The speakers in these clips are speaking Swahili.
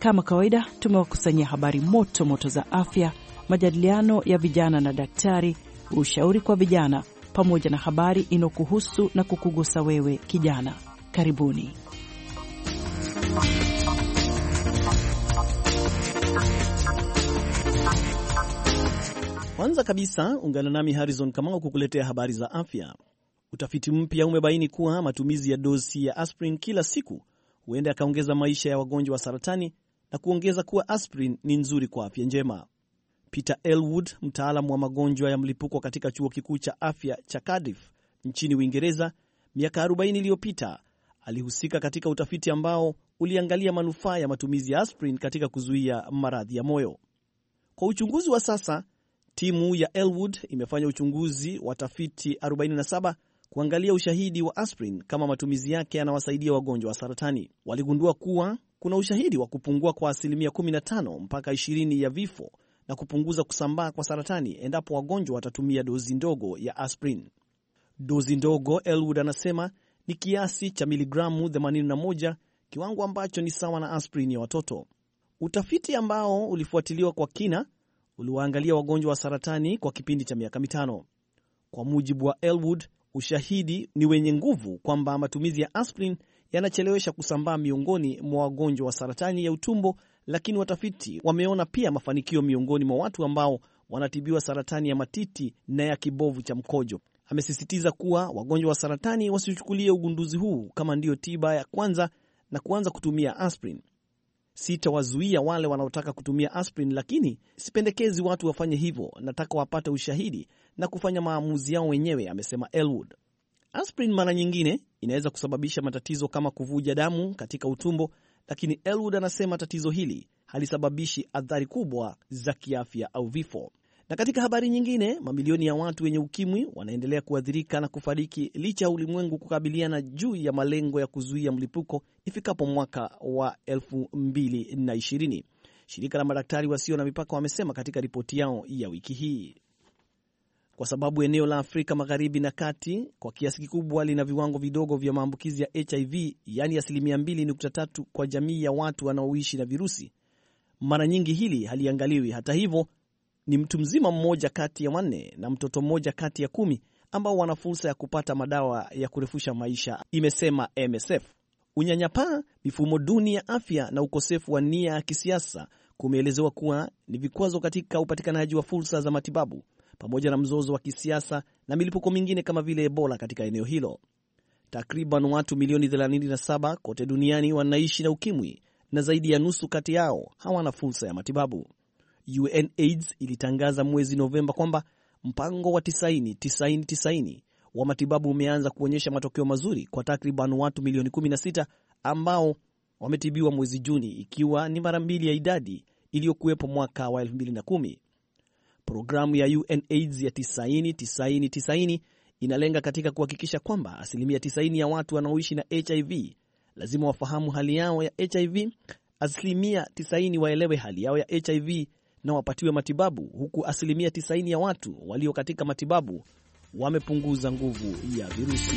Kama kawaida, tumewakusanyia habari moto moto za afya, majadiliano ya vijana na daktari, ushauri kwa vijana, pamoja na habari inayokuhusu na kukugusa wewe kijana. Karibuni. Kwanza kabisa ungana nami Harrison Kamau kukuletea habari za afya. Utafiti mpya umebaini kuwa matumizi ya dosi ya aspirin kila siku huenda yakaongeza maisha ya wagonjwa wa saratani na kuongeza kuwa aspirin ni nzuri kwa afya njema. Peter Elwood, mtaalamu wa magonjwa ya mlipuko katika chuo kikuu cha afya cha Cardiff nchini Uingereza, miaka 40 iliyopita alihusika katika utafiti ambao uliangalia manufaa ya matumizi ya aspirin katika kuzuia maradhi ya moyo. Kwa uchunguzi wa sasa, timu ya Elwood imefanya uchunguzi wa tafiti 47 kuangalia ushahidi wa aspirin kama matumizi yake yanawasaidia wagonjwa wa saratani. Waligundua kuwa kuna ushahidi wa kupungua kwa asilimia 15 mpaka 20 ya vifo na kupunguza kusambaa kwa saratani endapo wagonjwa watatumia dozi ndogo ya aspirin. Dozi ndogo, Elwood anasema, ni kiasi cha miligramu 81, kiwango ambacho ni sawa na aspirin ya watoto. Utafiti ambao ulifuatiliwa kwa kina uliwaangalia wagonjwa wa saratani kwa kipindi cha miaka mitano. Kwa mujibu wa Elwood, ushahidi ni wenye nguvu kwamba matumizi ya aspirin yanachelewesha kusambaa miongoni mwa wagonjwa wa saratani ya utumbo, lakini watafiti wameona pia mafanikio miongoni mwa watu ambao wanatibiwa saratani ya matiti na ya kibovu cha mkojo. Amesisitiza kuwa wagonjwa wa saratani wasichukulie ugunduzi huu kama ndiyo tiba ya kwanza na kuanza kutumia aspirin. Sitawazuia wale wanaotaka kutumia aspirin, lakini sipendekezi watu wafanye hivyo. Nataka wapate ushahidi na kufanya maamuzi yao wenyewe, amesema Elwood. Aspirin mara nyingine inaweza kusababisha matatizo kama kuvuja damu katika utumbo, lakini Elwood anasema tatizo hili halisababishi athari kubwa za kiafya au vifo. Na katika habari nyingine, mamilioni ya watu wenye ukimwi wanaendelea kuathirika na kufariki licha ya ulimwengu kukabiliana juu ya malengo ya kuzuia mlipuko ifikapo mwaka wa 2020. Shirika la madaktari wasio na mipaka wamesema katika ripoti yao ya wiki hii kwa sababu eneo la Afrika magharibi na kati kwa kiasi kikubwa lina viwango vidogo vya maambukizi ya HIV, yaani asilimia 2.3 kwa jamii ya watu wanaoishi na virusi. Mara nyingi hili haliangaliwi. Hata hivyo, ni mtu mzima mmoja kati ya wanne na mtoto mmoja kati ya kumi ambao wana fursa ya kupata madawa ya kurefusha maisha, imesema MSF. Unyanyapaa, mifumo duni ya afya na ukosefu wa nia ya kisiasa kumeelezewa kuwa ni vikwazo katika upatikanaji wa fursa za matibabu pamoja na mzozo wa kisiasa na milipuko mingine kama vile Ebola katika eneo hilo. Takriban watu milioni 37 kote duniani wanaishi na ukimwi na zaidi ya nusu kati yao hawana fursa ya matibabu. UNAIDS ilitangaza mwezi Novemba kwamba mpango wa 90 90 90 wa matibabu umeanza kuonyesha matokeo mazuri kwa takriban watu milioni 16 ambao wametibiwa mwezi Juni, ikiwa ni mara mbili ya idadi iliyokuwepo mwaka wa 2010. Programu ya UNAIDS ya 90 90 90 inalenga katika kuhakikisha kwamba asilimia 90 ya watu wanaoishi na HIV lazima wafahamu hali yao ya HIV, asilimia 90 waelewe hali yao ya HIV na wapatiwe matibabu, huku asilimia 90 ya watu walio katika matibabu wamepunguza nguvu ya virusi.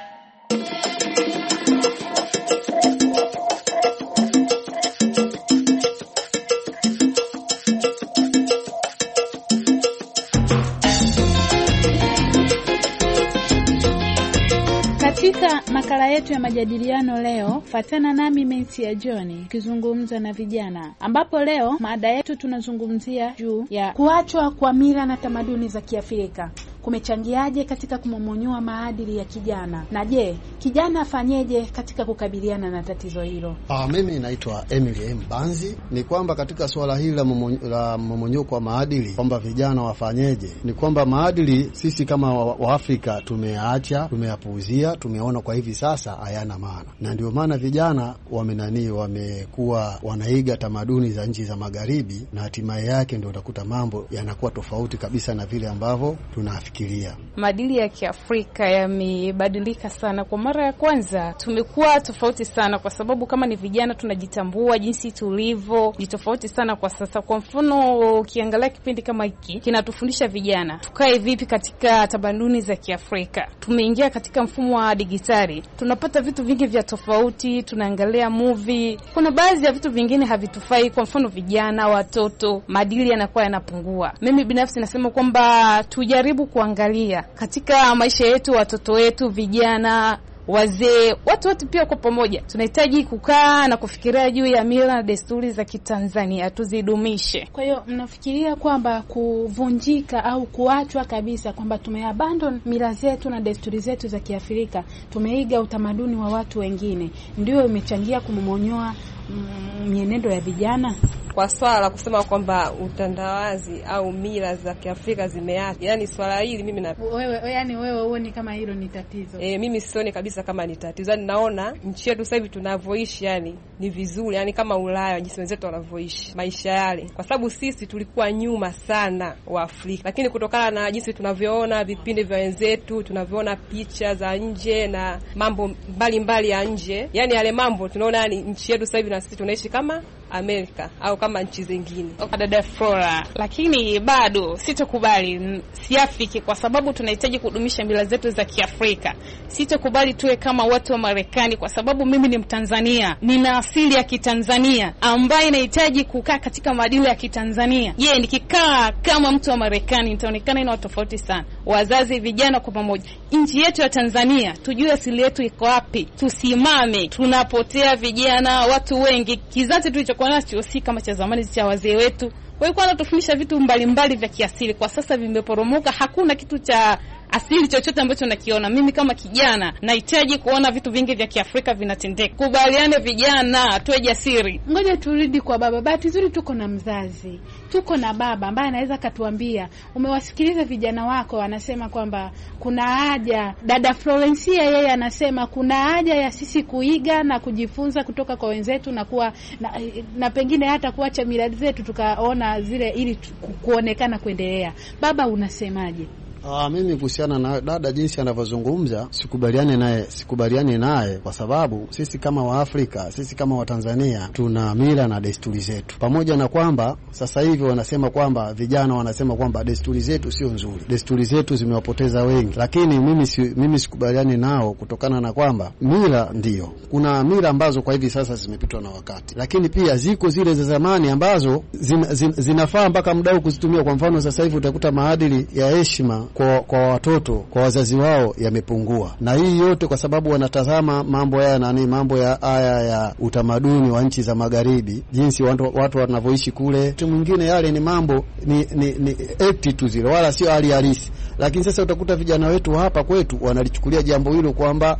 katika makala yetu ya majadiliano leo, fatana nami Mensi ya John ukizungumza na vijana, ambapo leo mada yetu tunazungumzia juu ya kuachwa kwa mila na tamaduni za Kiafrika kumechangiaje katika kumomonyoa maadili ya kijana, na je, kijana afanyeje katika kukabiliana na tatizo hilo? Ah, mimi naitwa Emily M Banzi. Ni kwamba katika suala hili la momonyoko wa maadili, kwamba vijana wafanyeje, ni kwamba maadili sisi kama Waafrika wa tumeyaacha, tumeyapuuzia, tumeona kwa hivi sasa hayana maana, na ndio maana vijana wamenani wamekuwa wanaiga tamaduni za nchi za magharibi, na hatimaye yake ndio utakuta mambo yanakuwa tofauti kabisa na vile ambavyo tunafikiri kufikiria. Maadili ya Kiafrika yamebadilika sana. Kwa mara ya kwanza tumekuwa tofauti sana, kwa sababu kama ni vijana tunajitambua jinsi tulivyo, ni tofauti sana kwa sasa. Kwa mfano, ukiangalia kipindi kama hiki kinatufundisha vijana tukae vipi katika tamaduni za Kiafrika. Tumeingia katika mfumo wa digitali, tunapata vitu vingi vya tofauti, tunaangalia movie. Kuna baadhi ya vitu vingine havitufai, kwa mfano vijana, watoto, maadili yanakuwa yanapungua. Mimi binafsi nasema kwamba tujaribu kwa kuangalia katika maisha yetu, watoto wetu, vijana wazee, watu wote pia kwa pamoja tunahitaji kukaa na kufikiria juu ya mila na desturi za Kitanzania tuzidumishe. Kwa hiyo mnafikiria kwamba kuvunjika au kuachwa kabisa, kwamba tumeabandon mila zetu na desturi zetu za Kiafrika, tumeiga utamaduni wa watu wengine, ndio imechangia kumomonyoa mm, mienendo ya vijana? Kwa swala la kusema kwamba utandawazi au mila za Kiafrika zimeacha, yani swala hili mimi na wewe, yani wewe uone kama hilo ni tatizo? E, mimi sioni kabisa hata kama ni tatizo. Yani naona nchi yetu sasa hivi tunavyoishi, yani ni vizuri, yani kama Ulaya jinsi wenzetu wanavyoishi maisha yale, kwa sababu sisi tulikuwa nyuma sana wa Afrika, lakini kutokana na jinsi tunavyoona vipindi vya wenzetu, tunavyoona picha za nje na mambo mbalimbali mbali ya nje, yani yale mambo tunaona, yani nchi yetu sasa hivi na sisi tunaishi kama Amerika au kama nchi zingine. Dada Flora, lakini bado sitokubali, siafiki kwa sababu tunahitaji kudumisha mila zetu za Kiafrika. Sitokubali tuwe kama watu wa Marekani kwa sababu mimi ni Mtanzania, nina asili ya Kitanzania ambaye inahitaji kukaa katika maadili ya Kitanzania. Je, nikikaa kama mtu wa Marekani nitaonekana ina tofauti sana. Wazazi, vijana kwa pamoja, nchi yetu ya Tanzania, tujue asili yetu iko wapi, tusimame. Tunapotea vijana, watu wengi, kizazi tulicho tulikuwa nacho, si kama cha zamani cha wazee wetu walikuwa wanatufundisha vitu mbalimbali mbali vya kiasili. Kwa sasa vimeporomoka, hakuna kitu cha asili chochote ambacho nakiona mimi kama kijana, nahitaji kuona vitu vingi vya Kiafrika vinatendeka. Kubaliane vijana, tuwe jasiri. Ngoja turudi kwa baba. Bahati nzuri tuko na mzazi, tuko na baba ambaye anaweza akatuambia. Umewasikiliza vijana wako anasema kwamba kuna haja, dada Florencia yeye anasema kuna haja ya sisi kuiga na kujifunza kutoka kwa wenzetu na kuwa na, na pengine hata kuacha miradi zetu tukaona zile, ili kuonekana kuendelea. Baba, unasemaje? Aa, ah, mimi kuhusiana na dada jinsi anavyozungumza sikubaliane naye, sikubaliane naye kwa sababu sisi kama Waafrika, sisi kama Watanzania tuna mila na desturi zetu, pamoja na kwamba sasa hivi wanasema kwamba vijana wanasema kwamba desturi zetu sio nzuri, desturi zetu zimewapoteza wengi, lakini mimi, si, mimi sikubaliani nao kutokana na kwamba mila ndiyo, kuna mila ambazo kwa hivi sasa zimepitwa na wakati, lakini pia ziko zile za zamani ambazo zin, zin, zinafaa mpaka muda huu kuzitumia. Kwa mfano sasa hivi utakuta maadili ya heshima kwa, kwa watoto kwa wazazi wao yamepungua, na hii yote kwa sababu wanatazama mambo ya nani, mambo ya haya ya utamaduni wa nchi za magharibi, jinsi watu, watu wanavyoishi kule. Mtu mwingine yale ni mambo ni, ni, ni eti tu zile, wala sio hali halisi. Lakini sasa utakuta vijana wetu hapa kwetu wanalichukulia jambo hilo kwamba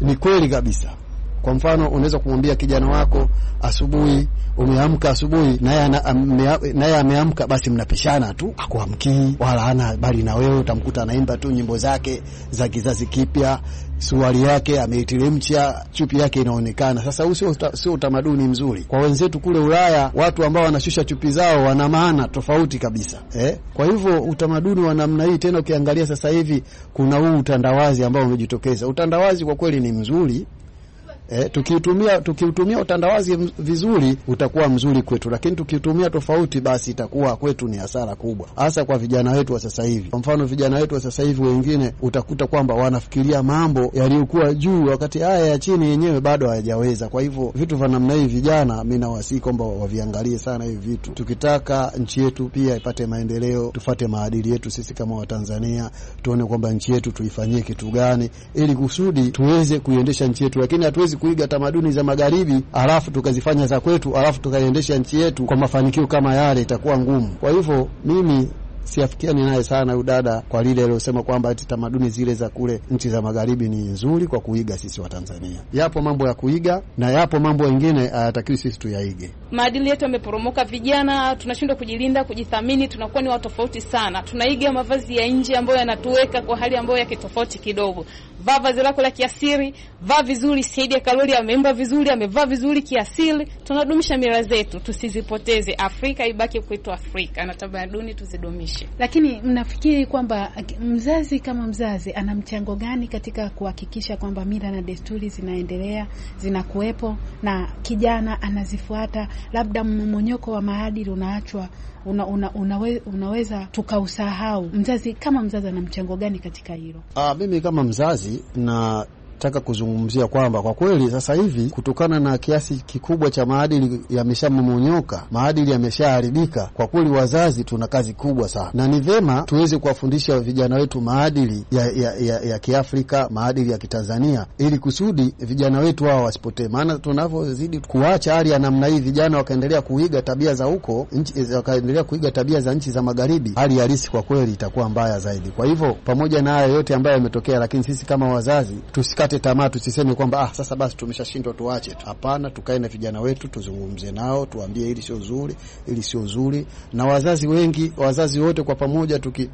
ni kweli kabisa. Kwa mfano, unaweza kumwambia kijana wako asubuhi, umeamka asubuhi, naye ameamka, basi mnapishana tu, akuamkii wala ana bali na wewe. Utamkuta anaimba tu nyimbo zake za kizazi kipya, suruali yake ameitiremcha chupi yake inaonekana. Sasa huu sio utamaduni mzuri. Kwa wenzetu kule Ulaya, watu ambao wanashusha chupi zao wana maana tofauti kabisa eh? Kwa hivyo utamaduni wa namna hii tena, ukiangalia sasa hivi kuna huu utandawazi ambao umejitokeza. Utandawazi kwa kweli ni mzuri eh, tukiutumia tukiutumia utandawazi vizuri utakuwa mzuri kwetu, lakini tukiutumia tofauti, basi itakuwa kwetu ni hasara kubwa, hasa kwa vijana wetu wa sasa hivi. Kwa mfano vijana wetu wa sasa hivi wengine utakuta kwamba wanafikiria mambo yaliyokuwa juu, wakati haya ya chini yenyewe bado hayajaweza. Kwa hivyo vitu vya namna hii vijana, mi nawasihi kwamba waviangalie sana hivi vitu, tukitaka nchi yetu pia ipate maendeleo, tufate maadili yetu sisi kama Watanzania, tuone kwamba nchi yetu tuifanyie kitu gani ili kusudi tuweze kuiendesha nchi yetu, lakini hatuwezi kuiga tamaduni za magharibi, alafu tukazifanya za kwetu, alafu tukaiendesha nchi yetu kwa mafanikio kama yale, itakuwa ngumu. Kwa hivyo mimi siafikiani naye sana huyu dada kwa lile aliyosema kwamba ati tamaduni zile za kule nchi za magharibi ni nzuri kwa kuiga. Sisi watanzania yapo mambo ya kuiga na yapo mambo mengine hayatakiwi sisi tuyaige. Maadili yetu yameporomoka, vijana tunashindwa kujilinda, kujithamini, tunakuwa ni watofauti sana. Tunaiga mavazi ya nje ambayo yanatuweka kwa hali ambayo ya kitofauti kidogo vaa vazi lako la kiasiri, vaa vizuri. Saidi ya Kalori ameimba vizuri, amevaa vizuri kiasiri Tunadumisha mila zetu, tusizipoteze. Afrika ibaki kwetu Afrika na tamaduni tuzidumishe. Lakini mnafikiri kwamba mzazi kama mzazi ana mchango gani katika kuhakikisha kwamba mila na desturi zinaendelea, zinakuwepo na kijana anazifuata? Labda mmomonyoko wa maadili unaachwa una, una, unawe, unaweza tukausahau mzazi. Kama mzazi ana mchango gani katika hilo? Ah, mimi kama mzazi na nataka kuzungumzia kwamba kwa kweli sasa hivi kutokana na kiasi kikubwa cha maadili yameshamomonyoka, maadili yameshaharibika, kwa kweli wazazi tuna kazi kubwa sana, na ni vema tuweze kuwafundisha vijana wetu maadili ya, ya, ya, ya Kiafrika, maadili ya Kitanzania ili kusudi vijana wetu hawa wasipotee, maana tunavyozidi kuacha hali ya namna hii, vijana wakaendelea kuiga tabia za huko nchi, wakaendelea kuiga tabia za nchi za magharibi, hali halisi kwa kweli itakuwa mbaya zaidi. Kwa hivyo pamoja na haya yote ambayo yametokea, lakini sisi kama wazazi tusika tusikate tamaa, tusiseme kwamba ah, sasa basi tumeshashindwa tuache tu. Hapana, tukae na vijana wetu, tuzungumze nao, tuambie hili sio zuri, hili sio zuri. Na wazazi wengi, wazazi wote kwa pamoja, tuki,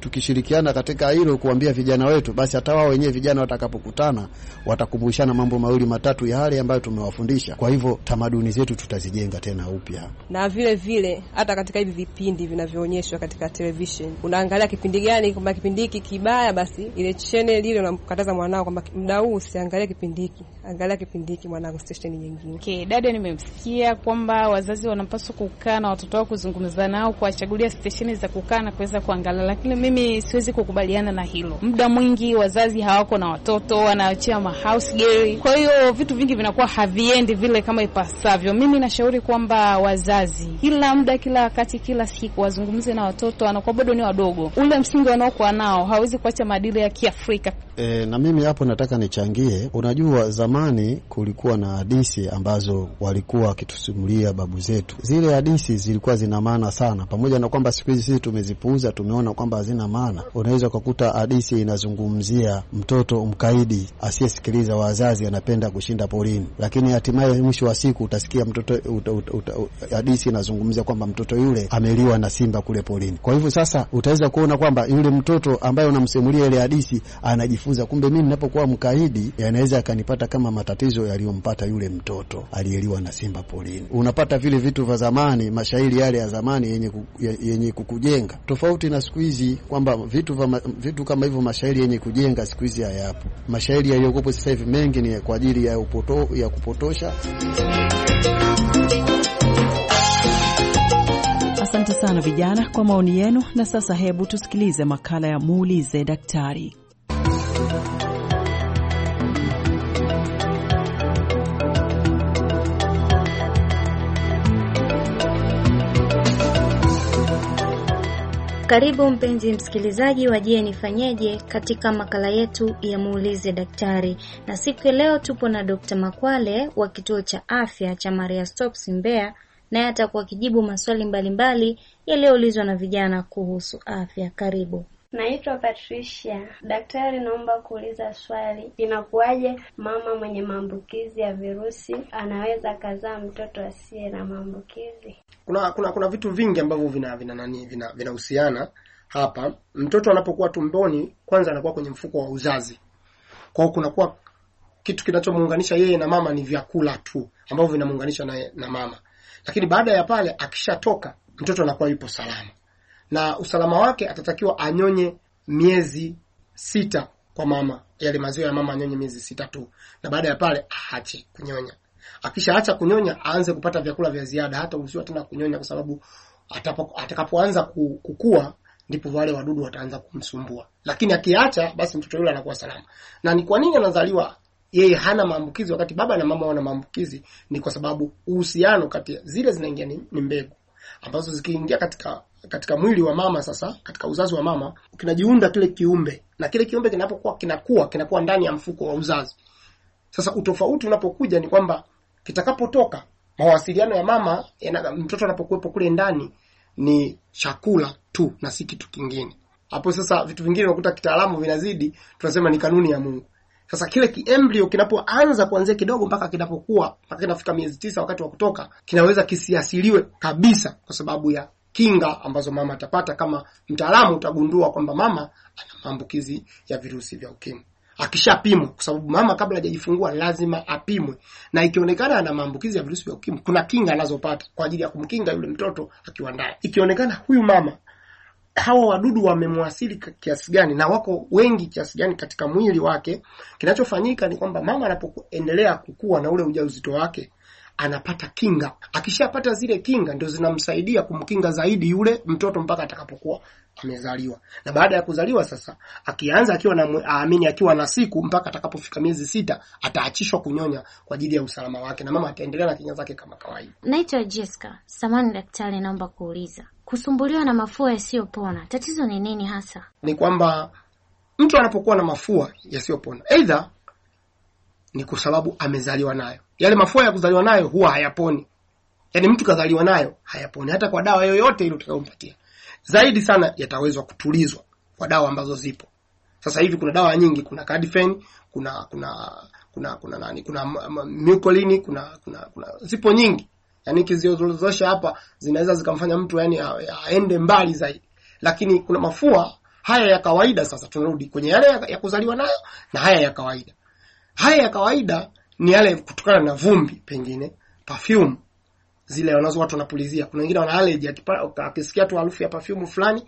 tukishirikiana katika hilo kuambia vijana wetu, basi hata wao wenyewe vijana watakapokutana watakumbushana mambo mawili matatu ya hali ambayo tumewafundisha. Kwa hivyo tamaduni zetu tutazijenga tena upya, na vile vile hata katika hivi vipindi vinavyoonyeshwa katika television, unaangalia kipindi gani, kama kipindi hiki kibaya, basi ile channel ile unamkataza mwanao kwamba muda huu usiangalia kipindi hiki, angalia kipindi hiki mwanangu, stesheni nyingine. Okay, dada, nimemsikia kwamba wazazi wanapaswa kukaa na watoto wao, kuzungumza nao, kuwachagulia stesheni za kukaa na kuweza kuangalia, lakini mimi siwezi kukubaliana na hilo. Muda mwingi wazazi hawako na watoto, wanaachia ma house girl, kwa hiyo vitu vingi vinakuwa haviendi vile kama ipasavyo. Mimi nashauri kwamba wazazi kila muda, kila wakati, kila siku wazungumze na watoto, wanakuwa bado ni wadogo, ule msingi wanaokuwa nao hawezi kuacha maadili ya Kiafrika. E, na mimi hapo hapo nataka nichangie. Unajua, zamani kulikuwa na hadisi ambazo walikuwa wakitusimulia babu zetu. Zile hadisi zilikuwa zina maana sana, pamoja na kwamba siku hizi sisi tumezipuuza, tumeona kwamba hazina maana. Unaweza ukakuta hadisi inazungumzia mtoto mkaidi asiyesikiliza wazazi, anapenda kushinda porini, lakini hatimaye mwisho wa siku utasikia mtoto hadisi inazungumzia kwamba mtoto yule ameliwa na simba kule porini. Kwa hivyo sasa utaweza kuona kwamba yule mtoto ambaye unamsimulia ile hadisi anajifunza, kumbe mimi ninapo kuwa mkaidi, yanaweza yakanipata kama matatizo yaliyompata yule mtoto aliyeliwa na simba porini. Unapata vile vitu vya zamani, mashairi yale ya zamani yenye, ku, yenye kukujenga, tofauti na siku hizi kwamba vitu, vama, vitu kama hivyo mashairi yenye kujenga siku hizi hayapo. Mashairi yaliyokopo sasa hivi mengi ni kwa ajili ya, upoto, ya kupotosha. Asante sana vijana kwa maoni yenu, na sasa hebu tusikilize makala ya muulize daktari. Karibu mpenzi msikilizaji wa Je nifanyeje katika makala yetu ya muulize daktari, na siku ya leo tupo na Dkt Makwale wa kituo cha afya cha Maria Stopes Mbeya, naye atakuwa akijibu maswali mbalimbali yaliyoulizwa na vijana kuhusu afya. Karibu. Naitwa Patricia. Daktari, naomba kuuliza swali. Inakuwaje mama mwenye maambukizi ya virusi anaweza kazaa mtoto asiye na maambukizi? Kuna kuna kuna vitu vingi ambavyo vina vina nani vina vinahusiana hapa. Mtoto anapokuwa tumboni, kwanza anakuwa kwenye mfuko wa uzazi, kwa hiyo kunakuwa kitu kinachomuunganisha yeye na mama ni vyakula tu ambavyo vinamuunganisha naye na mama, lakini baada ya pale akishatoka, mtoto anakuwa yupo salama na usalama wake atatakiwa anyonye miezi sita kwa mama, yale maziwa ya mama anyonye miezi sita tu, na baada ya pale aache kunyonya. Akishaacha kunyonya, aanze kupata vyakula vya ziada, hata usiwa tena kunyonya, kwa sababu atakapoanza kukua ndipo wale wadudu wataanza kumsumbua, lakini akiacha, basi mtoto yule anakuwa salama. Na ni kwa nini anazaliwa yeye hana maambukizi wakati baba na mama wana maambukizi? Ni kwa sababu uhusiano kati ya zile zinaingia ni, ni mbegu ambazo zikiingia katika katika mwili wa mama sasa, katika uzazi wa mama kinajiunda kile kiumbe, na kile kiumbe kinapokuwa kinakuwa kinakuwa ndani ya mfuko wa uzazi. Sasa utofauti unapokuja ni kwamba kitakapotoka, mawasiliano ya mama ena, mtoto anapokuwepo kule ndani ni chakula tu na si kitu kingine. Hapo sasa vitu vingine unakuta kitaalamu vinazidi, tunasema ni kanuni ya Mungu. Sasa kile kiembrio kinapoanza kuanzia kidogo mpaka kinapokuwa mpaka kinafika miezi tisa wakati wa kutoka, kinaweza kisiasiliwe kabisa kwa sababu ya kinga ambazo mama atapata. Kama mtaalamu, utagundua kwamba mama ana maambukizi ya virusi vya ukimwi akishapimwa, kwa sababu mama kabla hajajifungua lazima apimwe, na ikionekana ana maambukizi ya virusi vya ukimwi, kuna kinga anazopata kwa ajili ya kumkinga yule mtoto akiwa ndani. Ikionekana huyu mama hawa wadudu wamemwasili kiasi gani na wako wengi kiasi gani katika mwili wake, kinachofanyika ni kwamba mama anapoendelea kukua na ule ujauzito wake anapata kinga. Akishapata zile kinga, ndio zinamsaidia kumkinga zaidi yule mtoto mpaka atakapokuwa amezaliwa. Na baada ya kuzaliwa sasa, akianza akiwa na aamini, akiwa na siku mpaka atakapofika miezi sita, ataachishwa kunyonya kwa ajili ya usalama wake, na mama ataendelea na kinga zake kama kawaida. Naitwa Jessica. Samani daktari, naomba kuuliza, kusumbuliwa na mafua yasiyopona, tatizo ni nini hasa? Ni kwamba mtu anapokuwa na mafua yasiyopona, aidha ni kwa sababu amezaliwa nayo yale mafua ya kuzaliwa nayo huwa hayaponi. Yaani mtu kazaliwa nayo hayaponi, hata kwa dawa yoyote ile utakayompatia. Zaidi sana yatawezwa kutulizwa kwa dawa ambazo zipo sasa hivi. Kuna dawa nyingi, kuna Cardifen, kuna kuna kuna kuna nani, kuna Mucoline, kuna kuna kuna zipo nyingi, yaani kiziozozosha hapa zinaweza zikamfanya mtu yani aende ya mbali zaidi, lakini kuna mafua haya ya kawaida. Sasa tunarudi kwenye yale ya, ya kuzaliwa nayo na haya ya kawaida. Haya ya kawaida ni yale kutokana na vumbi, pengine perfume zile wanazo watu wanapulizia. Kuna wengine wana allergy, akisikia tu harufu ya perfume fulani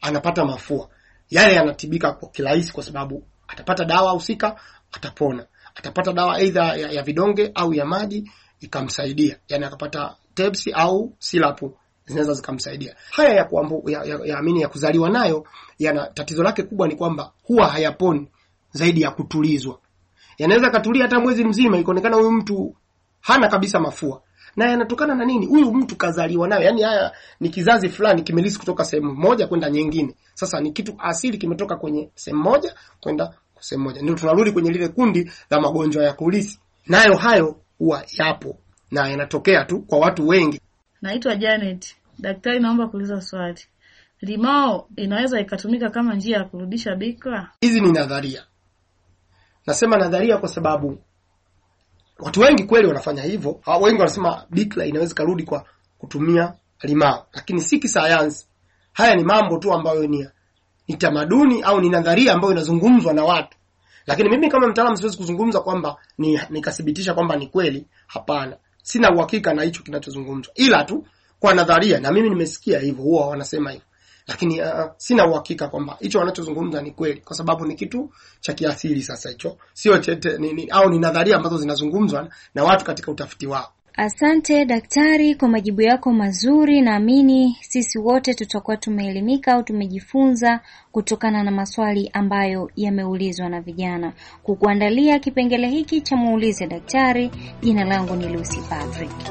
anapata mafua. Yale yanatibika kwa kirahisi, kwa sababu atapata dawa husika, atapona. Atapata dawa aidha ya, ya vidonge au ya maji ikamsaidia, yani akapata tabs au silapu zinaweza zikamsaidia. Haya ya kuambu, ya, ya, ya, amini ya kuzaliwa nayo yana tatizo lake kubwa ni kwamba huwa hayaponi zaidi ya kutulizwa yanaweza katulia hata mwezi mzima, ikaonekana huyu mtu hana kabisa mafua. Na yanatokana na nini? Huyu mtu kazaliwa nayo, yaani haya ni kizazi fulani kimelisi kutoka sehemu moja kwenda nyingine. Sasa ni kitu asili, kimetoka kwenye sehemu moja kwenda sehemu moja. Ndio tunarudi kwenye lile kundi la magonjwa ya kulisi, nayo hayo huwa yapo na yanatokea tu kwa watu wengi. Naitwa Janet. Daktari, naomba kuuliza swali. Limao inaweza ikatumika kama njia ya kurudisha bikra? Hizi ni nadharia, Nasema nadharia kwa sababu watu wengi kweli wanafanya hivyo. Ah, wengi wanasema bikla inaweza karudi kwa kutumia limao, lakini si kisayansi. Haya ni mambo tu ambayo ni ni tamaduni au ni nadharia ambayo inazungumzwa na watu, lakini mimi kama mtaalamu siwezi kuzungumza kwamba ni nikathibitisha kwamba ni kweli. Hapana, sina uhakika na hicho kinachozungumzwa, ila tu kwa nadharia, na mimi nimesikia hivyo, huwa wanasema hivyo lakini uh, uh, sina uhakika kwamba hicho wanachozungumza ni kweli, kwa sababu ni kitu cha kiasili. Sasa hicho sio tete ni, ni, au ni nadharia ambazo zinazungumzwa na watu katika utafiti wao. Asante daktari kwa majibu yako mazuri. Naamini sisi wote tutakuwa tumeelimika au tumejifunza kutokana na maswali ambayo yameulizwa na vijana. Kukuandalia kipengele hiki cha muulize daktari, jina langu ni Lucy Patrick.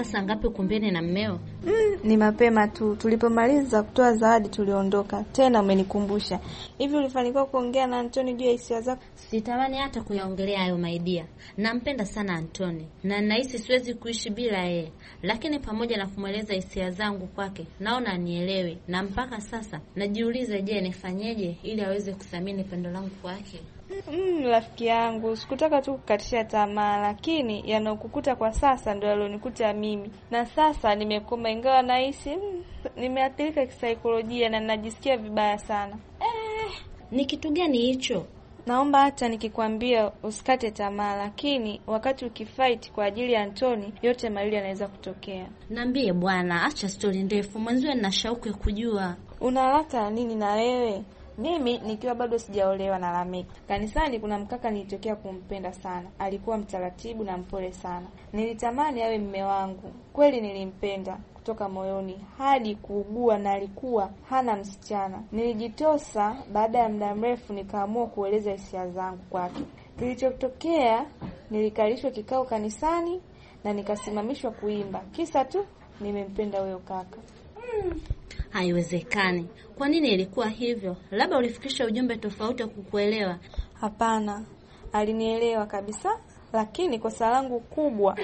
mliondoka saa ngapi ukumbini na mmeo? Mm, ni mapema tu. Tulipomaliza kutoa zawadi tuliondoka. Tena umenikumbusha. Hivi ulifanikiwa kuongea na Antoni juu ya hisia zako? Sitamani hata kuyaongelea hayo maidia. Nampenda sana Antoni na nahisi siwezi kuishi bila yeye, lakini pamoja na kumweleza hisia zangu kwake, naona anielewe, na mpaka sasa najiuliza, je, nifanyeje ili aweze kuthamini pendo langu kwake? Mm, rafiki mm, yangu sikutaka tu kukatisha tamaa, lakini yanayokukuta kwa sasa ndio yalionikuta mimi, na sasa nimekoma, ingawa nahisi mm, nimeathirika kisaikolojia na ninajisikia vibaya sana. Eh, ni kitu gani hicho? Naomba hata nikikwambia usikate tamaa, lakini wakati ukifight kwa ajili ya Antoni, yote mawili yanaweza kutokea. naambie bwana, acha stori ndefu, mwenziwe na shauku ya kujua. Unalata nini na wewe? Mimi nikiwa bado sijaolewa na Lameki. Kanisani kuna mkaka nilitokea kumpenda sana, alikuwa mtaratibu na mpole sana. Nilitamani awe mme wangu kweli, nilimpenda kutoka moyoni hadi kuugua, na alikuwa hana msichana. Nilijitosa baada ya muda mrefu, nikaamua kueleza hisia zangu kwake. Kilichotokea, nilikalishwa kikao kanisani na nikasimamishwa kuimba, kisa tu nimempenda huyo kaka. Hmm haiwezekani. Kwa nini ilikuwa hivyo? Labda ulifikisha ujumbe tofauti wa kukuelewa. Hapana, alinielewa kabisa, lakini kosa langu kubwa,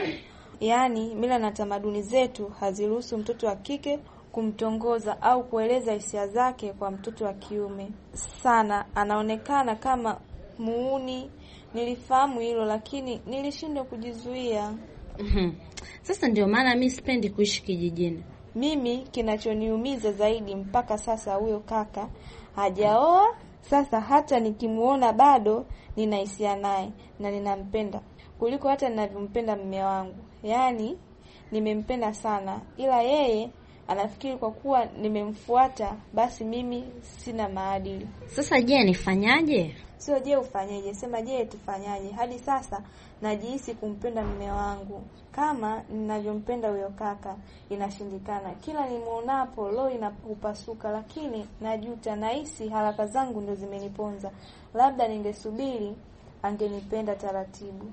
yaani mila na tamaduni zetu haziruhusu mtoto wa kike kumtongoza au kueleza hisia zake kwa mtoto wa kiume. Sana anaonekana kama muuni. Nilifahamu hilo, lakini nilishindwa kujizuia. Sasa ndio maana mi sipendi kuishi kijijini. Mimi kinachoniumiza zaidi mpaka sasa huyo kaka hajaoa. Sasa hata nikimuona bado ninahisia naye na ninampenda kuliko hata ninavyompenda mme wangu, yaani nimempenda sana, ila yeye anafikiri kwa kuwa nimemfuata basi mimi sina maadili. Sasa je, nifanyaje? Sio je ufanyeje, sema je tufanyaje? Hadi sasa najihisi kumpenda mume wangu kama ninavyompenda huyo kaka, inashindikana. Kila nimwonapo roho inapupasuka, lakini najuta, nahisi haraka zangu ndio zimeniponza. Labda ningesubiri angenipenda taratibu.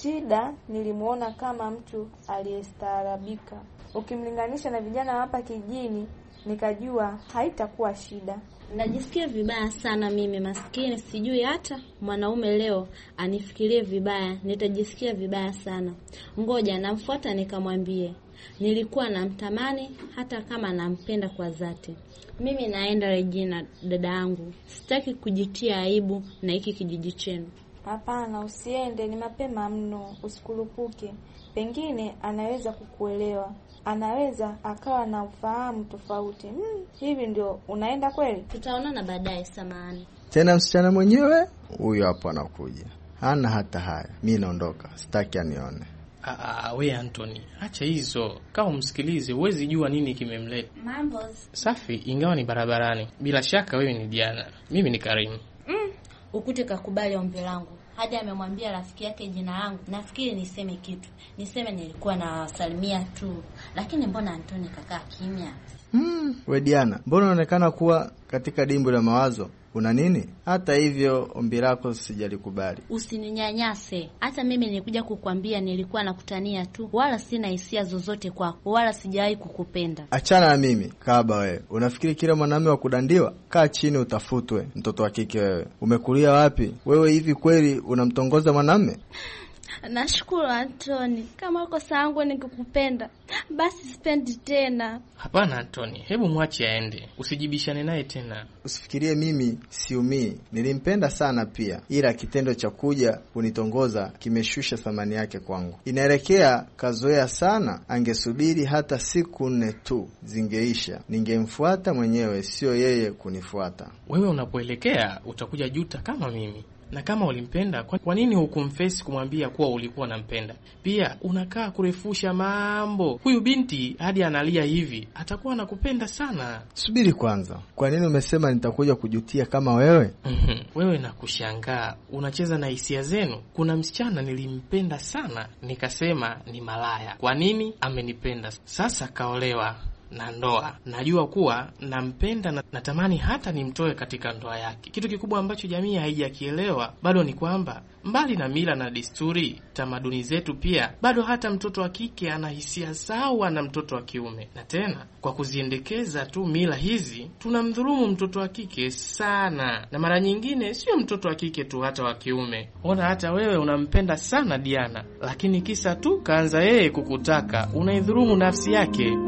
Shida nilimwona kama mtu aliyestaarabika. Ukimlinganisha na vijana hapa kijini nikajua haitakuwa shida. Najisikia vibaya sana mimi, maskini, sijui hata mwanaume leo anifikirie vibaya, nitajisikia vibaya sana. Ngoja namfuata nikamwambie nilikuwa namtamani, hata kama nampenda kwa dhati. Mimi naenda Regina, dada yangu, sitaki kujitia aibu na hiki kijiji chenu. Hapana, usiende, ni mapema mno, usikurupuke. Pengine anaweza kukuelewa anaweza akawa na ufahamu tofauti. Hmm, hivi ndio unaenda kweli? Tutaonana baadaye, samahani. Tena msichana mwenyewe huyo hapo anakuja, hana hata haya. Mi naondoka, sitaki anione. Ah, ah we Anthony, acha hizo, kaa umsikilize. Huwezi jua nini kimemleta. Mambo safi, ingawa ni barabarani. Bila shaka wewe ni Diana, mimi ni Karimu. Mm, ukute kakubali ombi langu hadi amemwambia rafiki yake jina langu. Nafikiri niseme kitu, niseme nilikuwa nawasalimia tu, lakini mbona Antoni kakaa kimya? Mm, we Diana, mbona unaonekana kuwa katika dimbwi la mawazo? una nini? Hata hivyo ombi lako sijalikubali. Usininyanyase, hata mimi nilikuja kukwambia, nilikuwa nakutania tu, wala sina hisia zozote kwako, wala sijawahi kukupenda. Achana na mimi kaba wewe. Unafikiri kila mwanaume wa kudandiwa? Kaa chini utafutwe, mtoto wa kike wewe. Umekulia wapi wewe? Hivi kweli unamtongoza mwanaume? Nashukuru Antoni, kama kosa yangu ningekupenda basi sipendi tena. Hapana Antoni, hebu mwache aende, usijibishane naye tena. Usifikirie mimi siumii, nilimpenda sana pia, ila kitendo cha kuja kunitongoza kimeshusha thamani yake kwangu. Inaelekea kazoea sana. Angesubiri hata siku nne tu zingeisha, ningemfuata mwenyewe, sio yeye kunifuata. Wewe unapoelekea utakuja juta kama mimi. Na kama ulimpenda, kwa nini hukumfesi kumwambia kuwa ulikuwa unampenda? Pia unakaa kurefusha mambo. Huyu binti hadi analia hivi, atakuwa anakupenda sana. Subiri kwanza, kwa nini umesema nitakuja kujutia kama wewe? Mhm. Wewe na kushangaa, unacheza na hisia zenu. Kuna msichana nilimpenda sana, nikasema ni malaya. Kwa nini amenipenda? Sasa kaolewa na ndoa. Najua kuwa nampenda na natamani hata nimtoe katika ndoa yake. Kitu kikubwa ambacho jamii haijakielewa bado ni kwamba mbali na mila na desturi, tamaduni zetu, pia bado hata mtoto wa kike ana hisia sawa na mtoto wa kiume, na tena kwa kuziendekeza tu mila hizi tunamdhulumu mtoto wa kike sana, na mara nyingine sio mtoto wa kike tu, hata wa kiume. Ona hata wewe unampenda sana Diana, lakini kisa tu kaanza yeye kukutaka, unaidhulumu nafsi yake.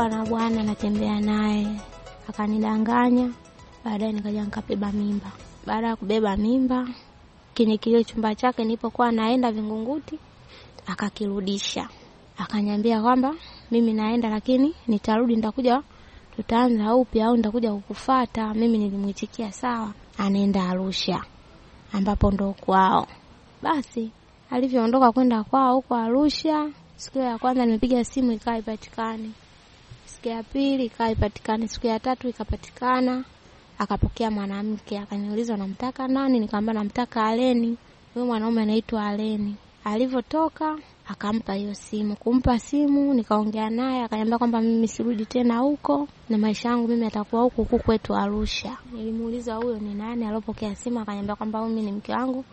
nilikuwa na bwana natembea naye akanidanganya, baadaye nikaja nikabeba mimba. Baada ya kubeba mimba, kwenye kile chumba chake nilipokuwa naenda Vingunguti, akakirudisha akanyambia kwamba mimi naenda, lakini nitarudi, nitakuja tutaanza upya au nitakuja kukufata. Mimi nilimwitikia sawa, anaenda Arusha ambapo ndo kwao. Basi alivyoondoka kwenda kwao huko Arusha, siku ya kwanza nimepiga simu ikawa ipatikani siku ya pili ikawa ipatikane, siku ya tatu ikapatikana, akapokea mwanamke. Akaniuliza, unamtaka nani? Nikamwambia namtaka Aleni. Huyo mwanaume anaitwa Aleni. Alivyotoka akampa hiyo simu. Kumpa simu, nikaongea naye, akaniambia kwamba mimi sirudi tena huko na maisha yangu mimi atakuwa huko huku kwetu Arusha. Nilimuuliza huyo ni nani alopokea simu, akaniambia kwamba mimi ni mke wangu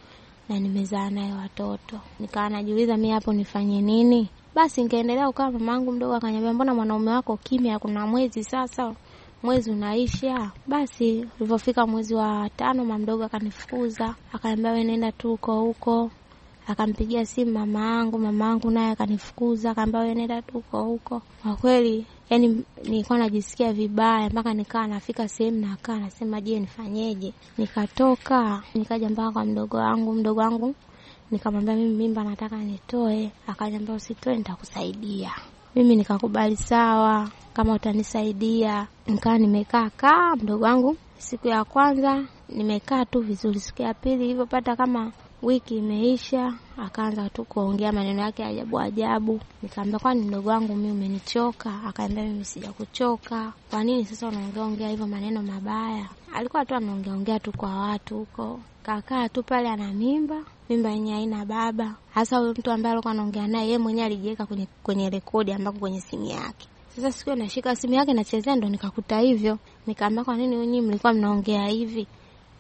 na nimezaa naye watoto. Nikawa najiuliza mimi hapo nifanye nini? Basi nikaendelea kukaa, mamangu mdogo akaniambia, mbona mwanaume wako kimya? Kuna mwezi sasa, mwezi unaisha. Basi ulivyofika mwezi wa tano, mama mdogo akanifukuza, akaniambia wewe nenda tu huko huko. Akampigia simu mama yangu, mama yangu naye akanifukuza, akaniambia wewe nenda tu huko huko. Kwa kweli Yani nilikuwa najisikia vibaya mpaka nikaa nafika sehemu nakaa nasema, je, nifanyeje? Nikatoka nikaja mpaka kwa mdogo wangu. Mdogo wangu Nikamwambia mimi mimba nataka nitoe, akaniambia usitoe, nitakusaidia. Mimi nikakubali sawa, kama utanisaidia. Nikawa nimekaa kaa, mdogo wangu, siku ya kwanza nimekaa tu vizuri, siku ya pili ilivyopata kama wiki imeisha, akaanza tu kuongea maneno yake ajabu ajabu. Nikaambia, kwani mdogo wangu mi umenichoka? Akaambia, mimi sijakuchoka. Kwa nini sasa unaongea ongea hivyo maneno mabaya? Alikuwa tu anaongea ongea tu kwa watu huko. Kakaa tu pale ana mimba, mimba yenye haina baba. Hasa huyo mtu ambaye alikuwa anaongea naye, yeye mwenyewe alijiweka kwenye kwenye rekodi ambako kwenye simu yake. Sasa siku nashika simu yake nachezea, ndo nikakuta hivyo. Nikaambia, kwa nini wenyewe mlikuwa mnaongea hivi?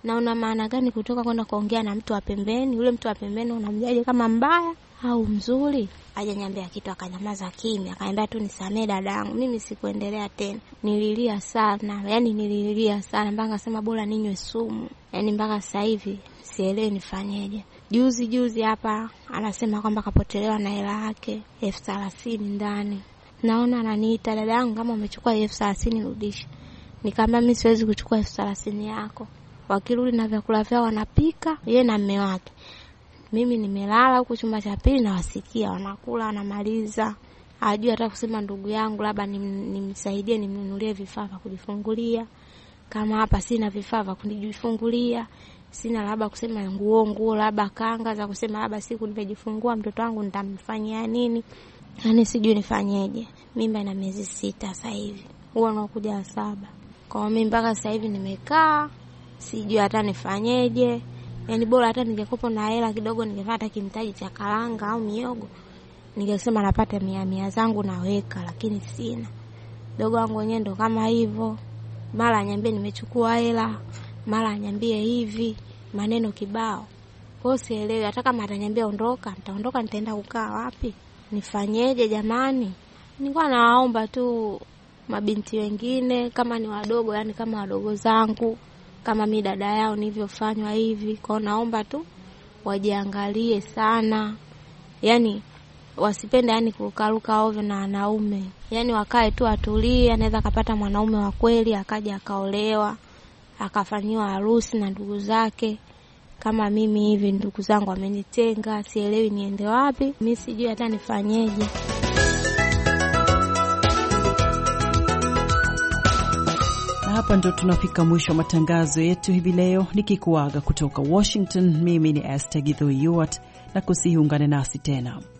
Na una maana gani kutoka kwenda kuongea na mtu wa pembeni? Yule mtu wa pembeni unamjaje kama mbaya au mzuri? Hajaniambia kitu, akanyamaza kimya, akaniambia tu nisamee dadangu. Mimi sikuendelea tena, nililia sana, yani nililia sana mpaka akasema bora ninywe sumu, yani mpaka sasa hivi sielewi nifanyeje. Juzi juzi hapa anasema kwamba kapotelewa na hela yake elfu thelathini ndani. Naona ananiita dada yangu, kama umechukua elfu thelathini rudisha. Nikaambia mimi siwezi kuchukua elfu thelathini yako. Wakirudi na vyakula vyao wanapika yeye na mme wake, mimi nimelala huku chumba cha pili, nawasikia wanakula wanamaliza. ajui hata kusema ndugu yangu, labda nimsaidie nimnunulie vifaa vya kujifungulia, kama hapa sina vifaa vya kujifungulia sina labda kusema nguo nguo, labda kanga za kusema labda siku nimejifungua mtoto wangu nitamfanyia nini. Yani sijui nifanyeje, mimba ina miezi sita sasa hivi, huwa naokuja saba. Kwa mimi mpaka sasa hivi nimekaa, sijui hata nifanyeje. Yani bora hata ningekopa na hela kidogo, ningepata kimtaji cha karanga au miogo, ningesema napata mia mia zangu naweka, lakini sina. Dogo wangu wenyewe ndo kama hivyo, mara nyambie nimechukua hela mara anyambie hivi, maneno kibao. Kwa hiyo sielewi, hata kama ataniambia ondoka, nitaondoka. Nitaenda kukaa wapi? Nifanyeje jamani? Nilikuwa nawaomba tu mabinti wengine kama ni wadogo, yani kama wadogo zangu, kama mi dada yao nilivyofanywa hivi. Kwao naomba tu wajiangalie sana, yani wasipende yani kurukaruka ovyo na wanaume, yani wakae tu atulie. Anaweza akapata mwanaume wa kweli akaja akaolewa akafanyiwa harusi na ndugu zake kama mimi hivi. Ndugu zangu amenitenga sielewi niende wapi, mi sijui hata nifanyeje. Hapa ndo tunafika mwisho wa matangazo yetu hivi leo, nikikuaga kutoka Washington. Mimi ni Esther Githo Yuart, na kusihi ungane nasi tena.